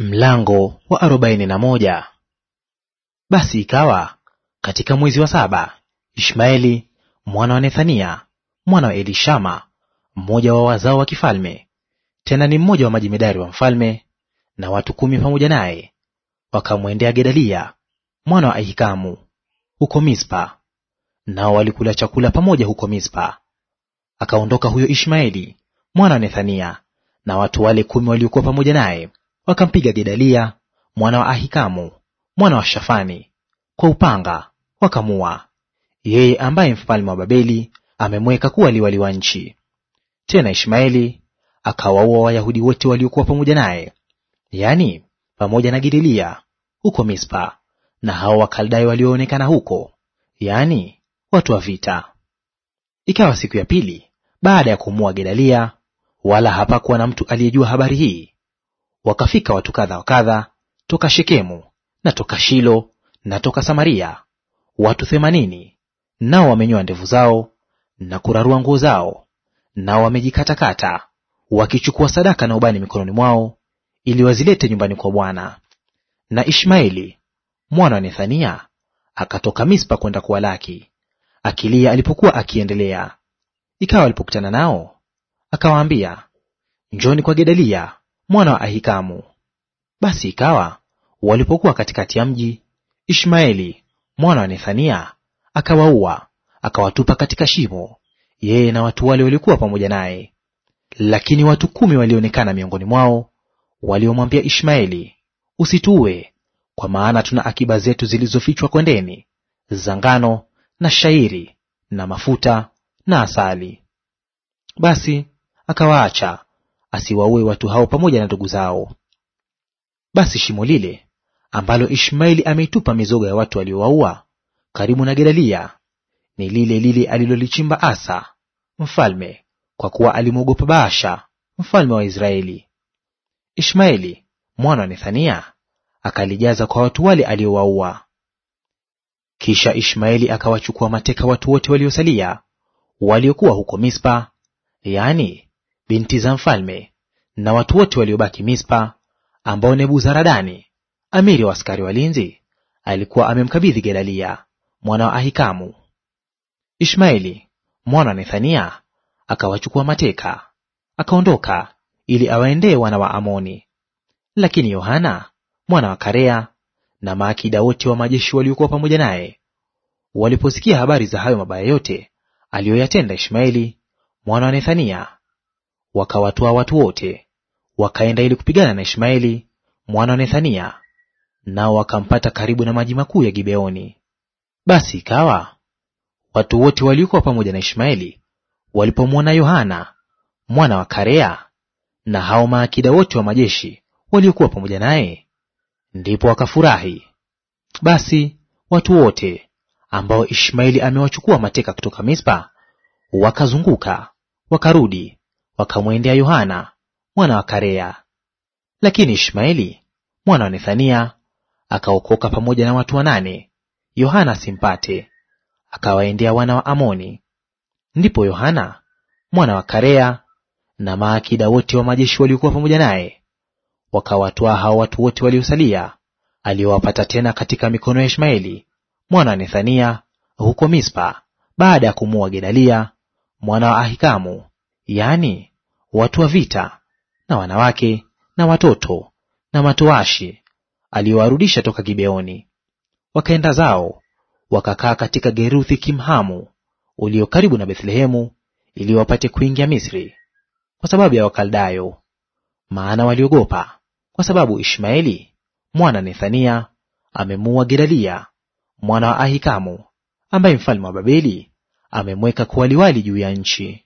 Mlango wa arobaini na moja. Basi ikawa katika mwezi wa saba, Ishmaeli mwana wa Nethania mwana wa Elishama, mmoja wa wazao wa kifalme, tena ni mmoja wa majimedari wa mfalme, na watu kumi pamoja naye, wakamwendea Gedalia mwana wa Ahikamu huko Mispa, nao walikula chakula pamoja huko Mispa. Akaondoka huyo Ishmaeli mwana wa Nethania na watu wale kumi waliokuwa pamoja naye wakampiga Gedalia mwana wa Ahikamu mwana wa Shafani kwa upanga, wakamua yeye, ambaye mfalme wa Babeli amemweka kuwa liwali wa nchi. Tena Ishmaeli akawaua Wayahudi wote waliokuwa pamoja naye, yaani pamoja na Gedalia huko Mispa, na hao Wakaldai walioonekana huko, yaani watu wa vita. Ikawa siku ya pili baada ya kumua Gedalia, wala hapakuwa na mtu aliyejua habari hii wakafika watu kadha wa kadha toka Shekemu na toka Shilo na toka Samaria, watu themanini, nao wamenyoa ndevu zao na kurarua nguo zao, nao wamejikatakata, wakichukua sadaka na ubani mikononi mwao, ili wazilete nyumbani kwa Bwana. Na Ishmaeli mwana wa Nethania akatoka Mispa kwenda kuwalaki, akilia alipokuwa akiendelea. Ikawa alipokutana nao, akawaambia, njoni kwa Gedalia mwana wa Ahikamu. Basi ikawa walipokuwa katikati ya mji, Ishmaeli mwana wa Nethania akawaua, akawatupa katika shimo, yeye na watu wale waliokuwa pamoja naye. Lakini watu kumi walionekana miongoni mwao, waliomwambia Ishmaeli, usituue, kwa maana tuna akiba zetu zilizofichwa kondeni za ngano na shairi na mafuta na asali. Basi akawaacha asiwaue watu hao pamoja na ndugu zao. Basi shimo lile ambalo Ishmaeli ameitupa mizoga ya watu aliowaua karibu na Gedalia ni lile lile alilolichimba Asa mfalme, kwa kuwa alimwogopa Baasha mfalme wa Israeli. Ishmaeli mwana wa Nethania akalijaza kwa watu wale aliowaua. Kisha Ishmaeli akawachukua mateka watu wote waliosalia waliokuwa huko Mispa, yaani binti za mfalme na watu wote waliobaki Mispa, ambao Nebuzaradani amiri wa askari walinzi alikuwa amemkabidhi Gedalia mwana wa Ahikamu. Ishmaeli mwana wa Nethania akawachukua mateka, akaondoka ili awaendee wana wa Amoni. Lakini Yohana mwana wa Karea na maakida wote wa majeshi waliokuwa pamoja naye waliposikia habari za hayo mabaya yote aliyoyatenda Ishmaeli mwana wa Nethania, wakawatoa watu wote, wakaenda ili kupigana na Ishmaeli mwana wa Nethania, nao wakampata karibu na maji makuu ya Gibeoni. Basi ikawa watu wote waliokuwa pamoja na Ishmaeli walipomwona Yohana mwana wa Karea na hao maakida wote wa majeshi waliokuwa pamoja naye, ndipo wakafurahi. Basi watu wote ambao Ishmaeli amewachukua mateka kutoka Mispa wakazunguka wakarudi wakamwendea Yohana mwana wa Karea. Lakini Ishmaeli mwana wa Nethania akaokoka pamoja na watu wanane, Yohana asimpate, akawaendea wana wa Amoni. Ndipo Yohana mwana wa Karea na maakida wote wa majeshi waliokuwa pamoja naye wakawatoa hao watu wote waliosalia aliowapata tena katika mikono ya Ishmaeli mwana wa Nethania huko Mispa, baada ya kumuua Gedalia mwana wa Ahikamu, yaani watu wa vita na wanawake na watoto na matoashi aliyowarudisha toka Gibeoni. Wakaenda zao wakakaa katika Geruthi Kimhamu ulio karibu na Bethlehemu, ili wapate kuingia Misri kwa sababu ya Wakaldayo, maana waliogopa kwa sababu Ishmaeli mwana Nethania amemuua Gedalia mwana wa Ahikamu, ambaye mfalme wa Babeli amemweka kuwa liwali juu ya nchi.